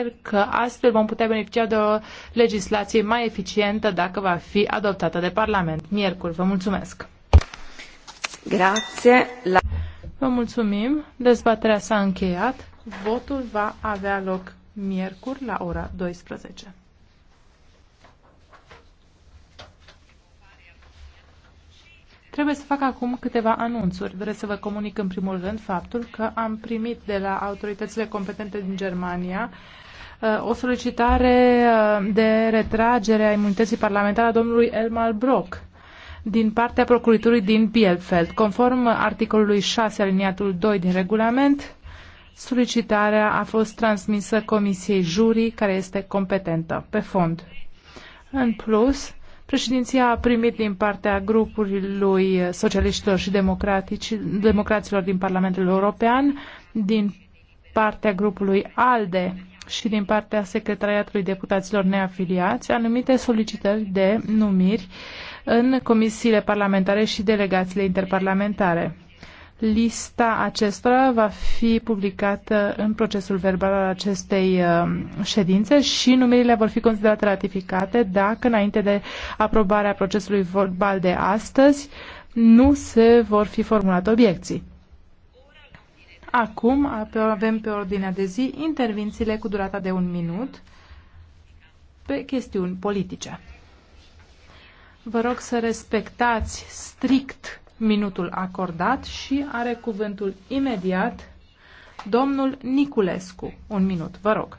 sper că astfel vom putea beneficia de o legislație mai eficientă dacă va fi adoptată de Parlament miercuri. Vă mulțumesc! Grazie. La... Vă mulțumim. Dezbaterea s-a încheiat. Votul va avea loc miercuri la ora 12. Trebuie să fac acum câteva anunțuri. Vreau să vă comunic în primul rând faptul că am primit de la autoritățile competente din Germania o solicitare uh, de retragere a imunității parlamentare a domnului Elmar Brock din partea Procuraturii din Bielfeld. Conform articolului 6 aliniatul 2 din regulament, solicitarea a fost transmisă Comisiei Jurii, care este competentă pe fond. În plus, Președinția a primit din partea grupului socialiștilor și democraților din Parlamentul European, din partea grupului ALDE, și din partea Secretariatului Deputaților Neafiliați anumite solicitări de numiri în comisiile parlamentare și delegațiile interparlamentare. Lista acestora va fi publicată în procesul verbal al acestei uh, ședințe și numirile vor fi considerate ratificate dacă, înainte de aprobarea procesului verbal de astăzi, nu se vor fi formulate obiecții. Acum avem pe ordinea de zi intervențiile cu durata de un minut pe chestiuni politice. Vă rog să respectați strict minutul acordat și are cuvântul imediat domnul Niculescu. Un minut, vă rog.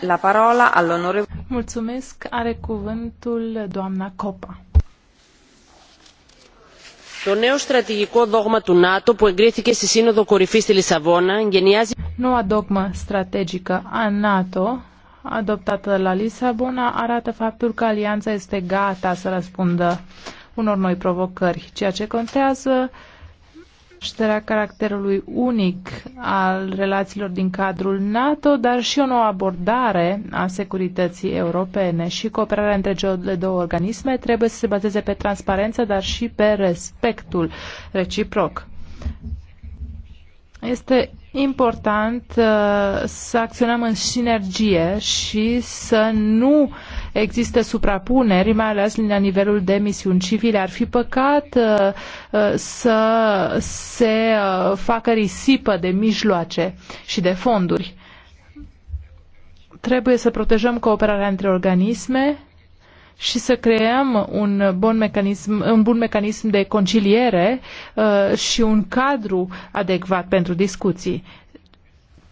la parola Mulțumesc, are cuvântul doamna Copa. Το νέο στρατηγικό δόγμα του ΝΑΤΟ που εγκρίθηκε στη Σύνοδο Κορυφής στη Λισαβόνα Noua dogmă strategică a NATO adoptată la Lisabona arată faptul că alianța este gata să răspundă unor noi provocări. Ceea ce contează șterea caracterului unic al relațiilor din cadrul NATO, dar și o nouă abordare a securității europene și cooperarea între cele două organisme trebuie să se bazeze pe transparență, dar și pe respectul reciproc. Este important uh, să acționăm în sinergie și să nu există suprapuneri, mai ales la nivelul de misiuni civile. Ar fi păcat uh, uh, să se uh, facă risipă de mijloace și de fonduri. Trebuie să protejăm cooperarea între organisme și să creăm un bun mecanism, un bun mecanism de conciliere uh, și un cadru adecvat pentru discuții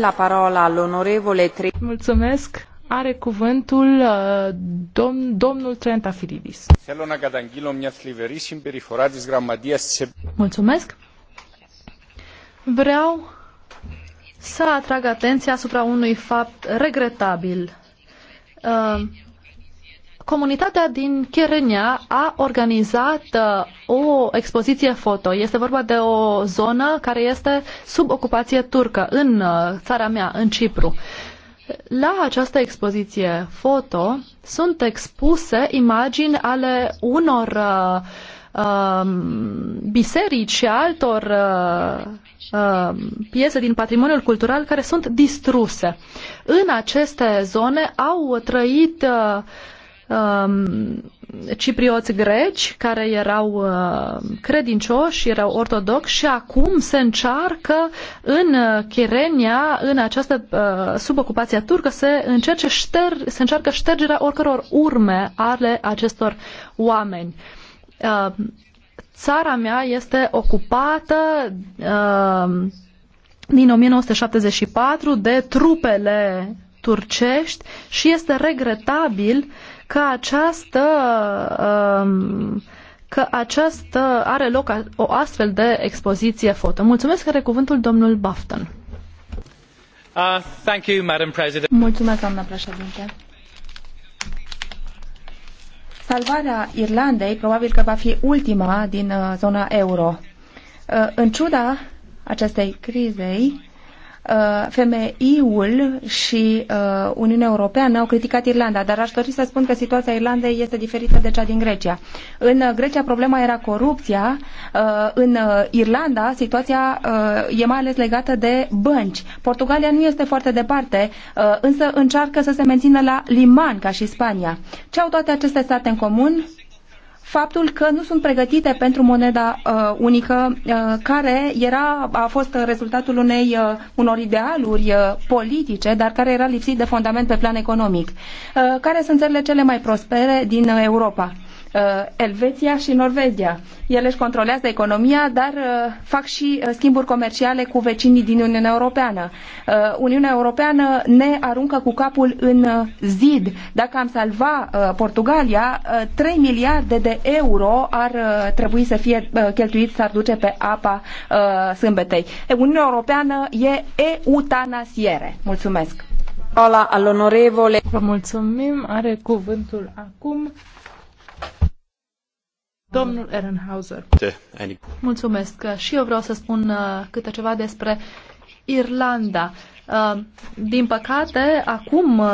la parola Mulțumesc. Are cuvântul uh, dom domnul Trenta Filidis. Mulțumesc. Vreau să atrag atenția asupra unui fapt regretabil. Uh, Comunitatea din Cherenia a organizat uh, o expoziție foto. Este vorba de o zonă care este sub ocupație turcă în uh, țara mea, în Cipru. La această expoziție foto sunt expuse imagini ale unor uh, um, biserici și altor uh, uh, piese din patrimoniul cultural care sunt distruse. În aceste zone au trăit uh, Um, ciprioți greci care erau uh, credincioși, erau ortodoxi și acum se încearcă în uh, Chirenia, în această uh, subocupație turcă, se, încerce șter, se încearcă ștergerea oricăror urme ale acestor oameni. Țara mea este ocupată din 1974 de trupele turcești și este regretabil uh, că această um, că această are loc o astfel de expoziție foto. Mulțumesc, are cuvântul domnul Bafton. Uh, thank you, Madam President. Mulțumesc, doamna președinte. Salvarea Irlandei probabil că va fi ultima din uh, zona euro. Uh, în ciuda acestei crizei, Uh, FMI-ul și uh, Uniunea Europeană au criticat Irlanda, dar aș dori să spun că situația Irlandei este diferită de cea din Grecia. În uh, Grecia problema era corupția, în Irlanda situația e mai ales legată de bănci. Portugalia nu este foarte departe, însă încearcă să se mențină la liman ca și Spania. Ce au toate aceste state în comun? faptul că nu sunt pregătite pentru moneda uh, unică uh, care era, a fost rezultatul unei, uh, unor idealuri uh, politice, dar care era lipsit de fundament pe plan economic. Uh, care sunt țările cele mai prospere din uh, Europa? Uh, Elveția și Norvegia. Ele își controlează economia, dar uh, fac și uh, schimburi comerciale cu vecinii din Uniunea Europeană. Uniunea Europeană ne aruncă cu capul în zid. Dacă am salva Portugalia, 3 miliarde de euro ar trebui să fie cheltuit, s-ar duce pe apa sâmbetei. Uniunea Europeană e eutanasiere. Mulțumesc! Vă mulțumim. Are cuvântul acum Domnul Ehrenhauser. Mulțumesc. Și eu vreau să spun uh, câte ceva despre Irlanda. Uh, din păcate, acum uh,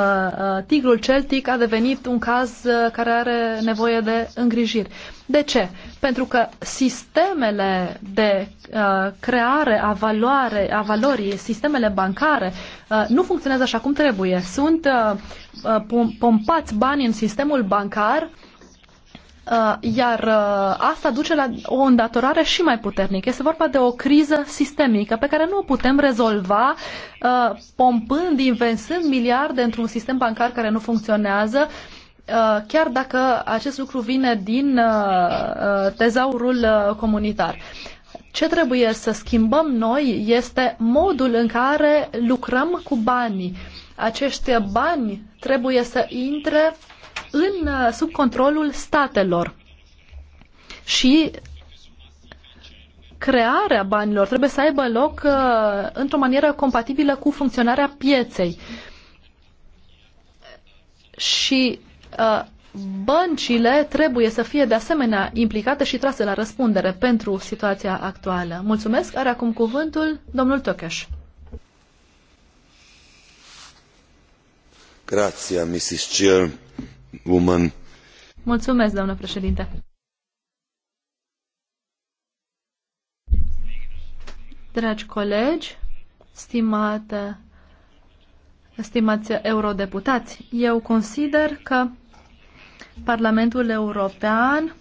tigrul celtic a devenit un caz care are nevoie de îngrijiri. De ce? Pentru că sistemele de creare a, valoare, a valorii, sistemele bancare, nu funcționează așa cum trebuie. Sunt pompați bani în sistemul bancar Uh, iar uh, asta duce la o îndatorare și mai puternică. Este vorba de o criză sistemică pe care nu o putem rezolva uh, pompând, investând miliarde într-un sistem bancar care nu funcționează, chiar dacă acest lucru vine din tezaurul comunitar. Ce trebuie să schimbăm noi este modul în care lucrăm cu banii. Acești bani trebuie să intre în, uh, sub controlul statelor. Și crearea banilor trebuie să aibă loc uh, într-o manieră compatibilă cu funcționarea pieței. Și uh, băncile trebuie să fie de asemenea implicate și trase la răspundere pentru situația actuală. Mulțumesc. Are acum cuvântul domnul Tocheș. Grazie, Mrs. Chair. Woman. Mulțumesc, doamnă președinte. Dragi colegi, stimate, stimați eurodeputați, eu consider că Parlamentul European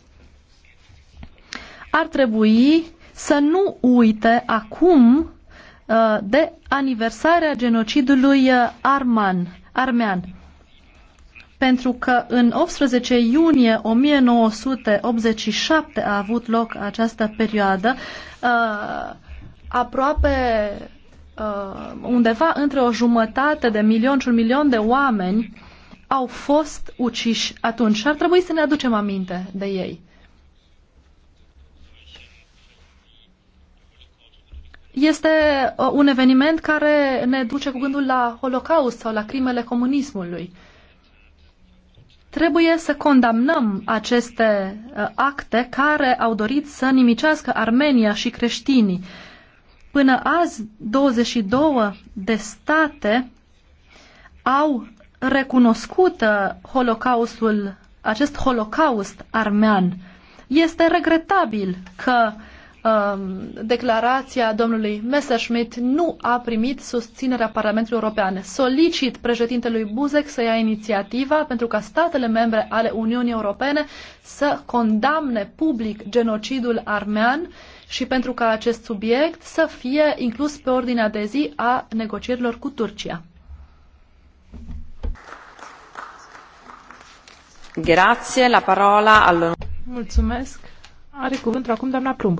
ar trebui să nu uite acum uh, de aniversarea genocidului uh, arman, armean pentru că în 18 iunie 1987 a avut loc această perioadă uh, aproape uh, undeva între o jumătate de milion și un milion de oameni au fost uciși atunci și ar trebui să ne aducem aminte de ei. Este uh, un eveniment care ne duce cu gândul la Holocaust sau la crimele comunismului. Uh, Trebuie să condamnăm aceste uh, acte care au dorit să nimicească Armenia și creștinii. Până azi, 22 de state au recunoscut uh, holocaustul, acest holocaust armean. Este regretabil că uh, Um, declarația domnului Messerschmidt nu a primit susținerea Parlamentului European. Solicit președintelui Buzek să ia inițiativa pentru ca statele membre ale Uniunii Europene să condamne public genocidul armean și pentru ca acest subiect să fie inclus pe ordinea de zi a negocierilor cu Turcia. Grazie, la parola al... Mulțumesc. Are cuvântul acum doamna Plumb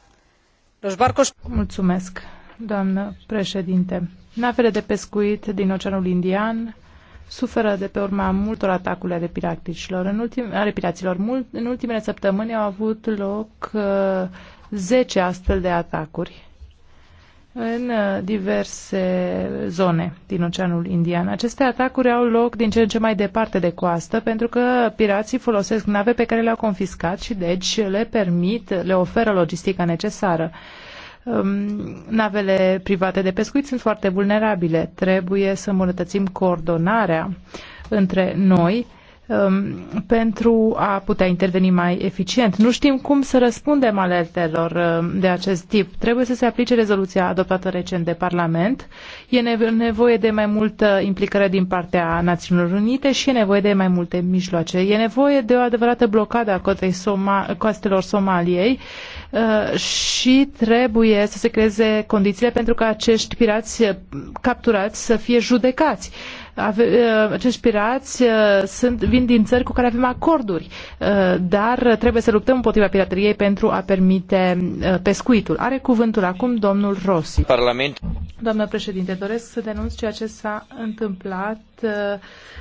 Los barcos... Mulțumesc, doamnă președinte. Navele de pescuit din Oceanul Indian suferă de pe urma multor atacuri ale piraților. În, ultim, ale piraților. Mult, în ultimele săptămâni au avut loc uh, 10 astfel de atacuri în uh, diverse zone din Oceanul Indian. Aceste atacuri au loc din ce în ce mai departe de coastă, pentru că pirații folosesc nave pe care le-au confiscat și deci le permit, le oferă logistica necesară. Um, navele private de pescuit sunt foarte vulnerabile. Trebuie să îmbunătățim coordonarea între noi Um, pentru a putea interveni mai eficient. Nu știm cum să răspundem alertelor um, de acest tip. Trebuie să se aplice rezoluția adoptată recent de Parlament. E nevoie de mai multă implicare din partea Națiunilor Unite și e nevoie de mai multe mijloace. E nevoie de o adevărată blocadă a Soma- coastelor Somaliei uh, și trebuie să se creeze condițiile pentru ca acești pirați uh, capturați să fie judecați Uh, acești pirați uh, sunt, vin din țări cu care avem acorduri, uh, dar trebuie să luptăm împotriva pirateriei pentru a permite pescuitul. Are cuvântul acum domnul Rossi. Parlament. Doamnă președinte, doresc să denunț ceea ce s-a întâmplat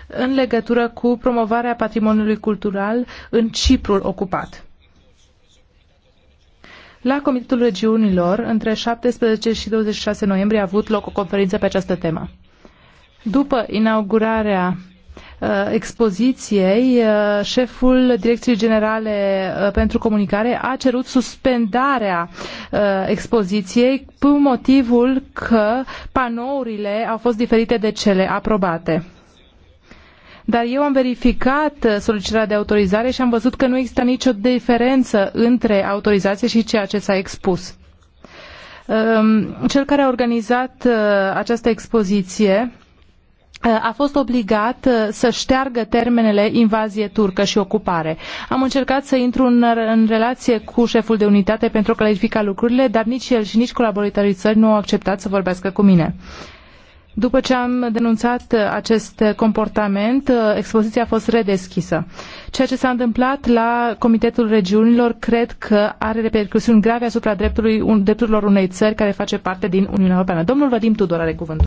în legătură cu promovarea patrimoniului cultural în Ciprul ocupat. La Comitetul Regiunilor, între 17 și 26 noiembrie, a avut loc o conferință pe această temă. După inaugurarea uh, expoziției, uh, șeful Direcției Generale uh, pentru Comunicare a cerut suspendarea expoziției pe motivul că panourile au fost diferite de cele aprobate. Dar eu am verificat solicitarea de autorizare și am văzut că nu există nicio diferență între autorizație și ceea ce s-a expus. Um, cel care a organizat această expoziție a fost obligat uh, să șteargă termenele invazie turcă și ocupare. Am încercat să intru în, în relație cu șeful de unitate pentru a clarifica lucrurile, dar nici el și nici colaboratorii țări nu au acceptat să vorbească cu mine. După ce am denunțat uh, acest comportament, uh, expoziția a fost redeschisă. Ceea ce s-a întâmplat la Comitetul Regiunilor cred că are repercusiuni grave asupra drepturilor unei țări care face parte din Uniunea Europeană. Domnul Vadim Tudor are cuvântul.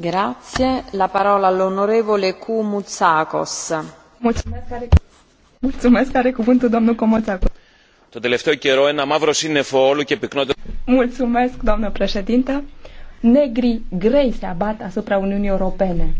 Grazie. La mulțumesc, cuvântul domnul Mulțumesc, doamnă președintă. Negri grei se abat asupra Uniunii Europene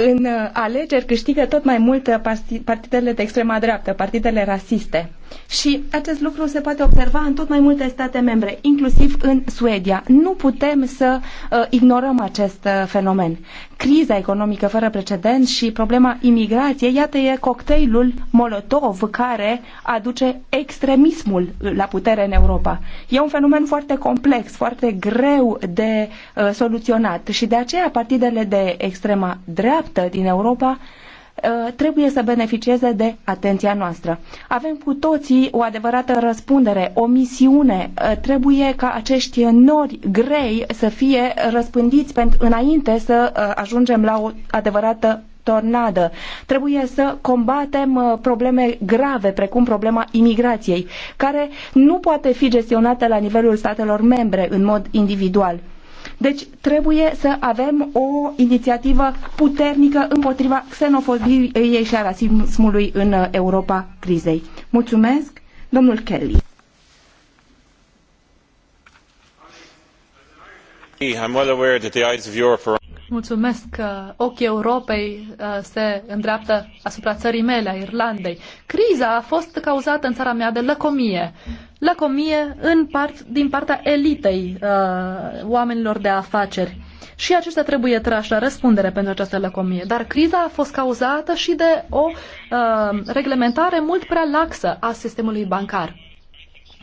în uh, alegeri câștigă tot mai mult uh, partidele de extrema dreaptă, partidele rasiste. Și acest lucru se poate observa în tot mai multe state membre, inclusiv în Suedia. Nu putem să uh, ignorăm acest uh, fenomen. Criza economică fără precedent și problema imigrației, iată, e cocktailul Molotov care aduce extremismul uh, la putere în Europa. E un fenomen foarte complex, foarte greu de uh, soluționat și de aceea partidele de extrema dreaptă din Europa Uh, trebuie să beneficieze de atenția noastră. Avem cu toții o adevărată răspundere, o misiune. Uh, trebuie ca acești nori grei să fie răspândiți pentru, înainte să uh, ajungem la o adevărată tornadă. Trebuie să combatem probleme grave, precum problema imigrației, care nu poate fi gestionată la nivelul statelor membre în mod individual deci trebuie să avem o inițiativă puternică împotriva xenofobiei și a rasismului în uh, Europa crizei. Mulțumesc, domnul Kelly. I'm well aware that the eyes of Europe are Mulțumesc că ochii Europei uh, se îndreaptă asupra țării mele, a Irlandei. Criza a fost cauzată în țara mea de lăcomie. Lăcomie în part, din partea elitei uh, oamenilor de afaceri. Și aceștia trebuie trași la răspundere pentru această lăcomie. Dar criza a fost cauzată și de o uh, reglementare mult prea laxă a sistemului bancar.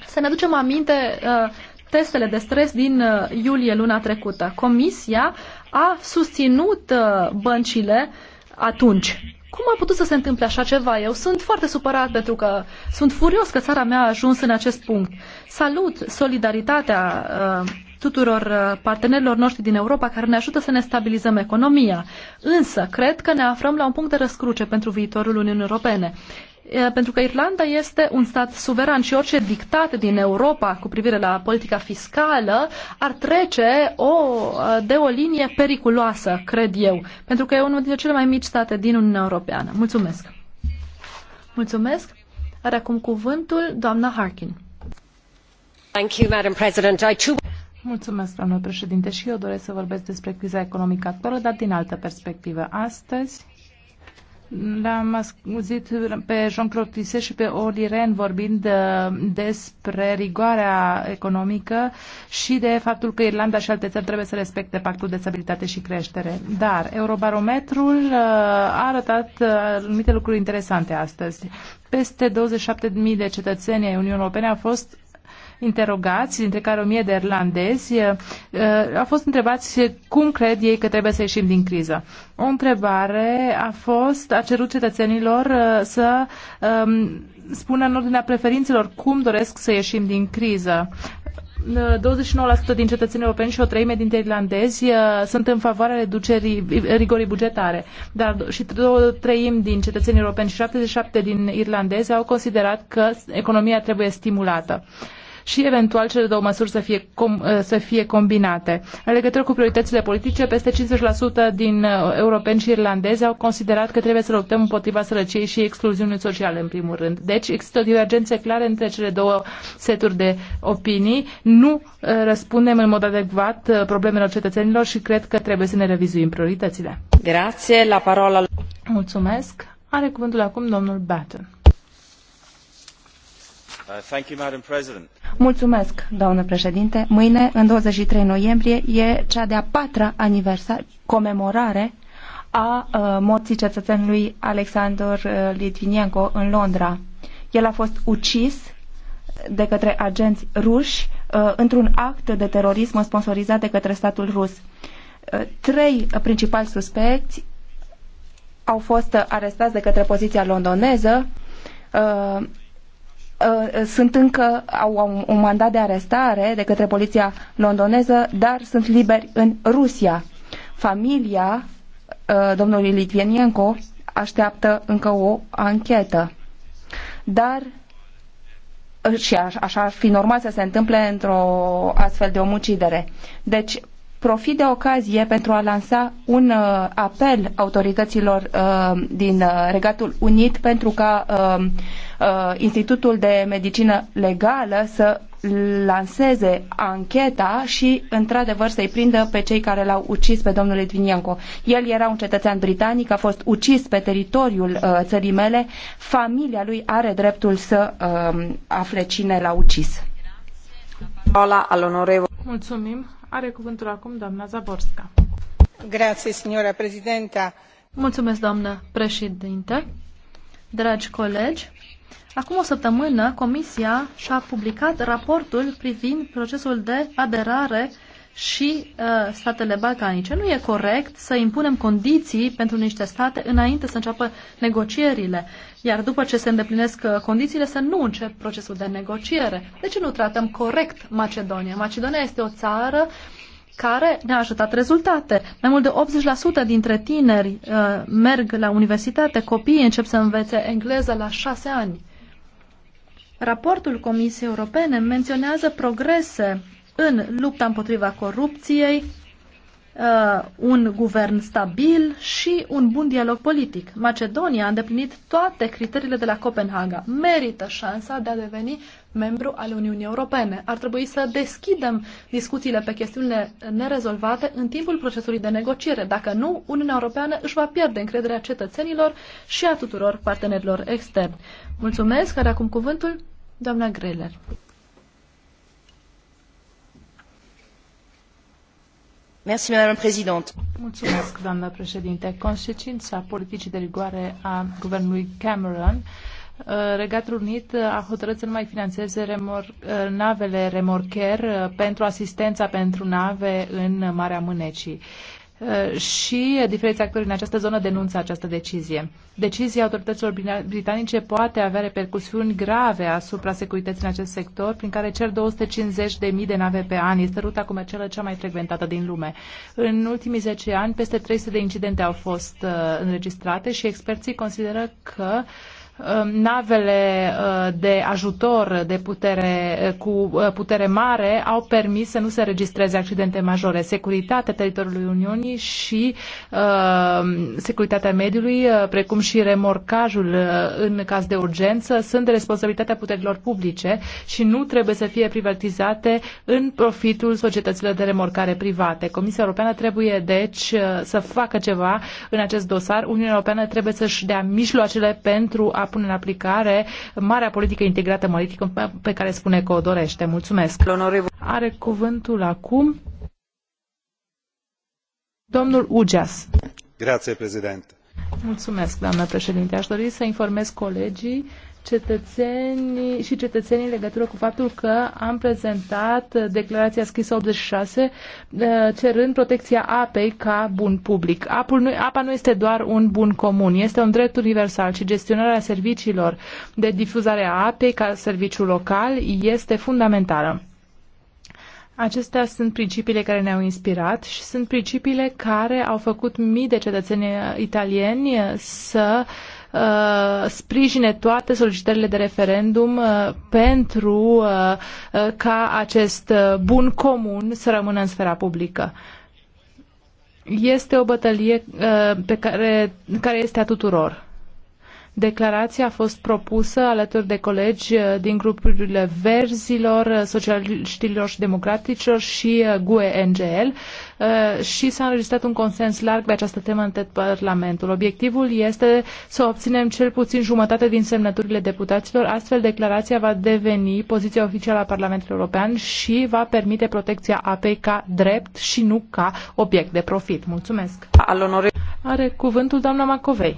Să ne aducem aminte uh, testele de stres din uh, iulie luna trecută. Comisia a susținut uh, băncile atunci. Cum a putut să se întâmple așa ceva? Eu sunt foarte supărat pentru că sunt furios că țara mea a ajuns în acest punct. Salut solidaritatea uh, tuturor uh, partenerilor noștri din Europa care ne ajută să ne stabilizăm economia. Însă, cred că ne aflăm la un punct de răscruce pentru viitorul Uniunii Europene pentru că Irlanda este un stat suveran și orice dictat din Europa cu privire la politica fiscală ar trece o, de o linie periculoasă, cred eu, pentru că e unul dintre cele mai mici state din Uniunea Europeană. Mulțumesc! Mulțumesc! Are acum cuvântul doamna Harkin. Thank you, Madam President. I too... Mulțumesc, doamnă președinte, și eu doresc să vorbesc despre criza economică actuală, dar din altă perspectivă. Astăzi, L-am auzit pe Jean-Claude Tisse și pe Oli Ren vorbind uh, despre rigoarea economică și de faptul că Irlanda și alte țări trebuie să respecte pactul de stabilitate și creștere. Dar Eurobarometrul uh, a arătat uh, anumite lucruri interesante astăzi. Peste 27.000 de cetățeni ai Uniunii Europene au fost interogați, dintre care o mie de irlandezi, au fost întrebați cum cred ei că trebuie să ieșim din criză. O întrebare a fost, a cerut cetățenilor să spună în ordinea preferințelor cum doresc să ieșim din criză. 29% din cetățenii europeni și o treime dintre irlandezi sunt în favoarea reducerii rigorii bugetare, dar și două treimi din cetățenii europeni și 77 din irlandezi au considerat că economia trebuie stimulată și eventual cele două măsuri să fie, com- uh, să fie combinate. În legătură cu prioritățile politice, peste 50% din uh, europeni și irlandezi au considerat că trebuie să luptăm împotriva sărăciei și excluziunii sociale, în primul rând. Deci există o divergență clară între cele două seturi de opinii. Nu uh, răspundem în mod adecvat problemelor cetățenilor și cred că trebuie să ne revizuim prioritățile. Grație, la parola. Mulțumesc. Are cuvântul acum domnul Batten. Uh, Mulțumesc, doamnă președinte. Mâine, în 23 noiembrie, e cea de-a patra aniversare, comemorare a uh, morții cetățenului Alexander uh, Litvinenko în Londra. El a fost ucis de către agenți ruși uh, într-un act de terorism sponsorizat de către statul rus. Uh, trei principali suspecți au fost uh, arestați de către poziția londoneză. Uh, Uh, uh, sunt încă, au un mandat de arestare de către poliția londoneză, dar sunt liberi în Rusia. Familia uh, domnului Litvinenko așteaptă încă o anchetă. Dar și așa ar fi normal să se întâmple într-o astfel de omucidere. Deci, profit de ocazie pentru a lansa un uh, apel autorităților uh, din uh, Regatul Unit pentru ca uh, Uh, Institutul de Medicină Legală să lanseze ancheta și, într-adevăr, să-i prindă pe cei care l-au ucis pe domnul Litvinenko. El era un cetățean britanic, a fost ucis pe teritoriul uh, țării mele. Familia lui are dreptul să uh, afle cine l-a ucis. Mulțumim. Are cuvântul acum doamna Zaborska. Grazie, signora prezidenta. Mulțumesc, doamnă președinte. Dragi colegi, Acum o săptămână, Comisia și-a publicat raportul privind procesul de aderare și uh, statele balcanice. Nu e corect să impunem condiții pentru niște state înainte să înceapă negocierile, iar după ce se îndeplinesc uh, condițiile să nu încep procesul de negociere. De ce nu tratăm corect Macedonia? Macedonia este o țară care ne-a ajutat rezultate. Mai mult de 80% dintre tineri uh, merg la universitate, copiii încep să învețe engleză la șase ani. Raportul Comisiei Europene menționează progrese în lupta împotriva corupției, uh, un guvern stabil și un bun dialog politic. Macedonia a îndeplinit toate criteriile de la Copenhaga. Merită șansa de a deveni membru al Uniunii Europene. Ar trebui să deschidem discuțiile pe chestiunile nerezolvate în timpul procesului de negociere. Dacă nu, Uniunea Europeană își va pierde încrederea cetățenilor și a tuturor partenerilor externi. Mulțumesc, care acum cuvântul, doamna Greler. Mulțumesc, doamnă președinte. Consecința politicii de rigoare a guvernului Cameron uh, Regatul Unit a hotărât să nu mai finanțeze remor, uh, navele remorcher uh, pentru asistența pentru nave în Marea Mânecii. Uh, și diferiți actori în această zonă denunță această decizie. Decizia autorităților britanice poate avea repercusiuni grave asupra securității în acest sector, prin care cer 250.000 de nave pe an. Este ruta comercială cea mai frecventată din lume. În ultimii 10 ani, peste 300 de incidente au fost uh, înregistrate și experții consideră că uh, Um, navele uh, de ajutor de putere, uh, cu uh, putere mare au permis să nu se registreze accidente majore. Securitatea teritoriului Uniunii și uh, securitatea mediului, precum și remorcajul în caz de urgență, sunt de responsabilitatea puterilor publice și nu trebuie să fie privatizate în profitul societăților de remorcare private. Comisia Europeană trebuie, deci, să facă ceva în acest dosar. Uniunea Europeană trebuie să-și dea mijloacele pentru a a pune în aplicare marea politică integrată maritimă pe care spune că o dorește. Mulțumesc. Are cuvântul acum domnul Ugeas. Grație, președinte. Mulțumesc, doamnă președinte. Aș dori să informez colegii cetățenii și cetățenii în legătură cu faptul că am prezentat declarația scrisă 86 uh, cerând protecția apei ca bun public. Apul nu, apa nu este doar un bun comun, este un drept universal și gestionarea serviciilor de difuzare a apei ca serviciu local este fundamentală. Acestea sunt principiile care ne-au inspirat și sunt principiile care au făcut mii de cetățeni italieni să uh, Uh, sprijine toate solicitările de referendum uh, pentru uh, ca acest bun comun să rămână în sfera publică. Este o bătălie pe care, care este a tuturor Declarația a fost propusă alături de colegi uh, din grupurile Verzilor, uh, Socialiștilor și Democraticilor și uh, GUE-NGL și s-a înregistrat un consens larg pe această temă în tot Parlamentul. Obiectivul este să obținem cel puțin jumătate din semnăturile deputaților, astfel declarația va deveni poziția oficială a Parlamentului European și va permite protecția apei ca drept și nu ca obiect de profit. Mulțumesc! Are cuvântul doamna Macovei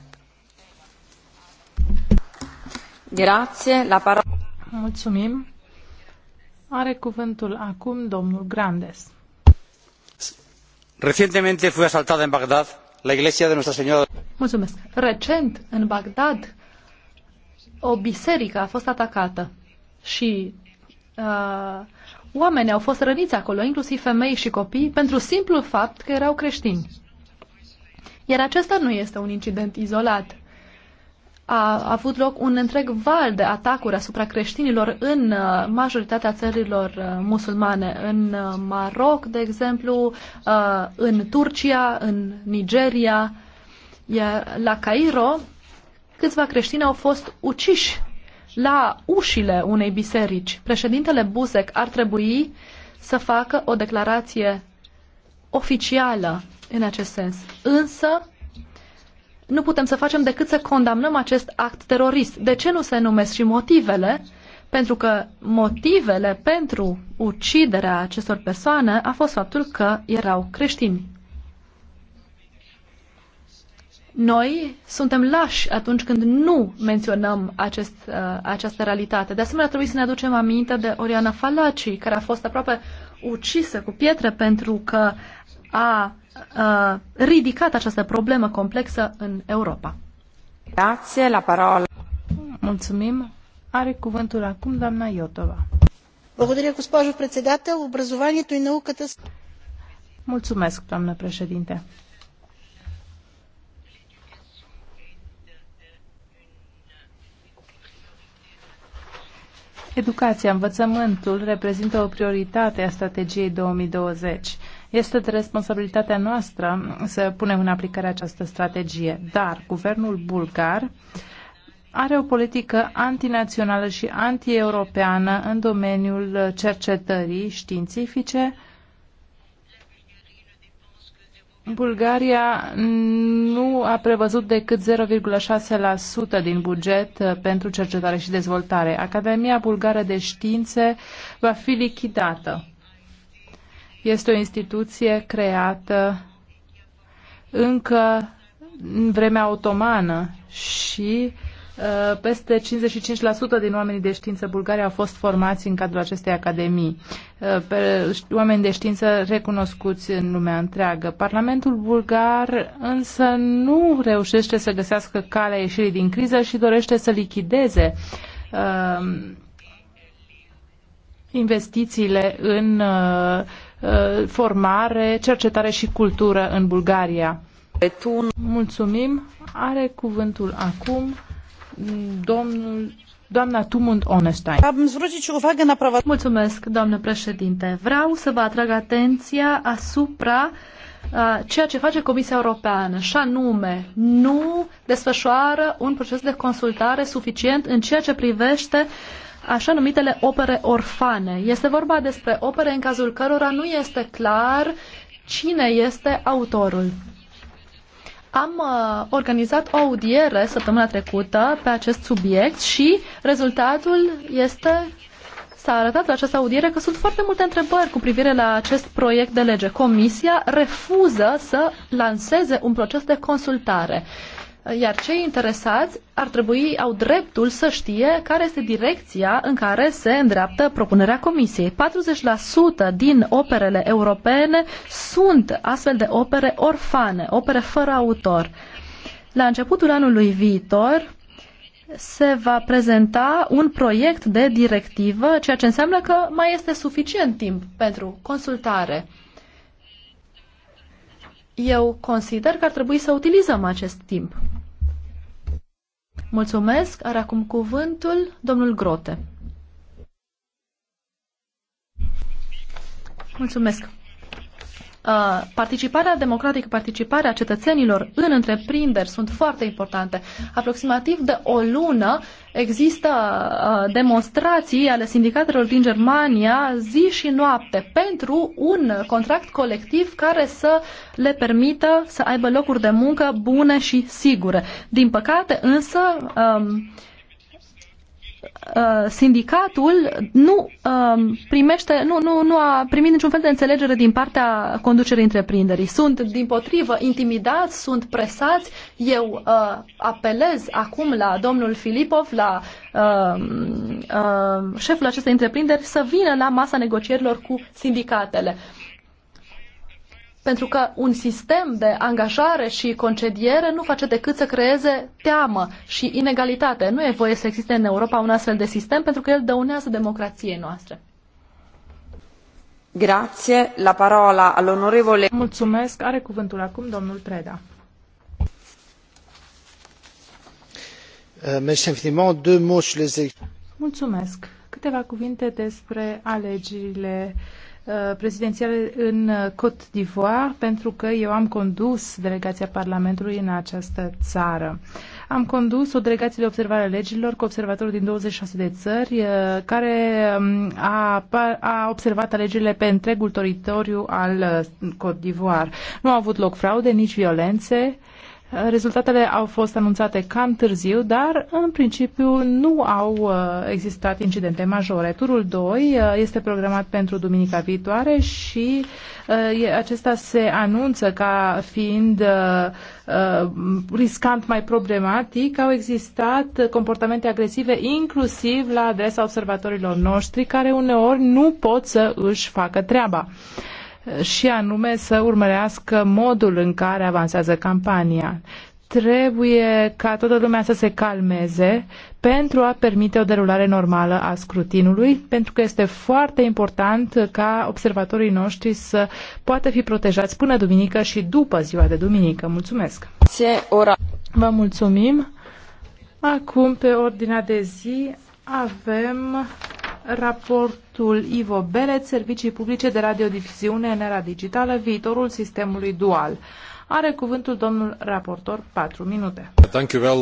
Grazie, la parola. Mulțumim. Are cuvântul acum domnul Grandes. Recientemente fui asaltată în Bagdad la iglesia de Nuestra Señora. Mulțumesc. Recent, în Bagdad, o biserică a fost atacată și uh, oameni au fost răniți acolo, inclusiv femei și copii, pentru simplul fapt că erau creștini. Iar acesta nu este un incident izolat a avut loc un întreg val de atacuri asupra creștinilor în uh, majoritatea țărilor uh, musulmane, în uh, Maroc, de exemplu, în Turcia, în Nigeria, iar la Cairo câțiva creștini au fost uciși la ușile unei biserici. Președintele Buzek ar trebui să facă o declarație oficială în acest sens. Însă, nu putem să facem decât să condamnăm acest act terorist. De ce nu se numesc și motivele? Pentru că motivele pentru uciderea acestor persoane a fost faptul că erau creștini. Noi suntem lași atunci când nu menționăm acest, uh, această realitate. De asemenea, trebuie să ne aducem aminte de Oriana Falaci, care a fost aproape ucisă cu pietre pentru că a ridicat această problemă complexă în Europa. la parola. Mulțumim. Are cuvântul acum doamna Iotova. Благодаря, Mulțumesc, doamnă președinte. Educația, învățământul reprezintă o prioritate a strategiei 2020. Este de responsabilitatea noastră să punem în aplicare această strategie, dar guvernul bulgar are o politică antinațională și antieuropeană în domeniul cercetării științifice. Bulgaria nu a prevăzut decât 0,6% din buget pentru cercetare și dezvoltare. Academia Bulgară de Științe va fi lichidată. Este o instituție creată încă în vremea otomană și uh, peste 55% din oamenii de știință bulgari au fost formați în cadrul acestei academii, uh, pe oameni de știință recunoscuți în lumea întreagă. Parlamentul bulgar însă nu reușește să găsească calea ieșirii din criză și dorește să lichideze uh, investițiile în Uh, formare, cercetare și cultură în Bulgaria. Mulțumim. Are cuvântul acum domnul Doamna Tumund Onestein. Mulțumesc, doamnă președinte. Vreau să vă atrag atenția asupra ceea ce face Comisia Europeană, și anume nu desfășoară un proces de consultare suficient în ceea ce privește uh, așa numitele opere orfane. Este vorba despre opere în cazul cărora nu este clar cine este autorul. Am uh, organizat o audiere săptămâna trecută pe acest subiect și rezultatul este s-a arătat la această audiere că sunt foarte multe întrebări cu privire la acest proiect de lege. Comisia refuză să lanseze un proces de consultare iar cei interesați ar trebui, au dreptul să știe care este direcția în care se îndreaptă propunerea Comisiei. 40% din operele europene sunt astfel de opere orfane, opere fără autor. La începutul anului viitor se va prezenta un proiect de directivă, ceea ce înseamnă că mai este suficient timp pentru consultare. Eu consider că ar trebui să utilizăm acest timp. Mulțumesc. Are acum cuvântul domnul Grote. Mulțumesc. Uh, participarea democratică, participarea cetățenilor în întreprinderi sunt foarte importante. Aproximativ de o lună există uh, demonstrații ale sindicatelor din Germania zi și noapte pentru un contract colectiv care să le permită să aibă locuri de muncă bune și sigure. Din păcate, însă, um, Uh, sindicatul nu um, primește, nu, nu, nu a primit niciun fel de înțelegere din partea conducerii întreprinderii. Sunt, din potrivă, intimidați, sunt presați. Eu uh, apelez acum la domnul Filipov, la um, um, șeful acestei întreprinderi, să vină la masa negocierilor cu sindicatele. Pentru că un sistem de angajare și concediere nu face decât să creeze teamă și inegalitate. Nu e voie să existe în Europa un astfel de sistem pentru că el dăunează democrației noastre. Grație. La parola onorevole. Mulțumesc. Are cuvântul acum domnul Preda. Euh, Mulțumesc. Câteva cuvinte despre alegerile uh, Uh, prezidențiale în uh, Côte d'Ivoire pentru că eu am condus delegația Parlamentului în această țară. Am condus o delegație de observare a legilor cu observatorul din 26 de țări uh, care um, a, a observat alegerile pe întregul teritoriu al Côte d'Ivoire. Nu au avut loc fraude, nici violențe Rezultatele au fost anunțate cam târziu, dar în principiu nu au uh, existat incidente majore. Turul 2 uh, este programat pentru duminica viitoare și uh, acesta se anunță ca fiind riscant mai problematic. Au existat comportamente agresive inclusiv la adresa observatorilor noștri care uneori nu pot să își facă treaba și anume să urmărească modul în care avansează campania. Trebuie ca toată lumea să se calmeze pentru a permite o derulare normală a scrutinului, pentru că este foarte important ca observatorii noștri să poată fi protejați până duminică și după ziua de duminică. Mulțumesc! Vă mulțumim! Acum, pe ordinea de zi, avem raportul Ivo Beret, Servicii Publice de Radiodifiziune în era digitală, viitorul sistemului dual. Are cuvântul domnul raportor 4 minute.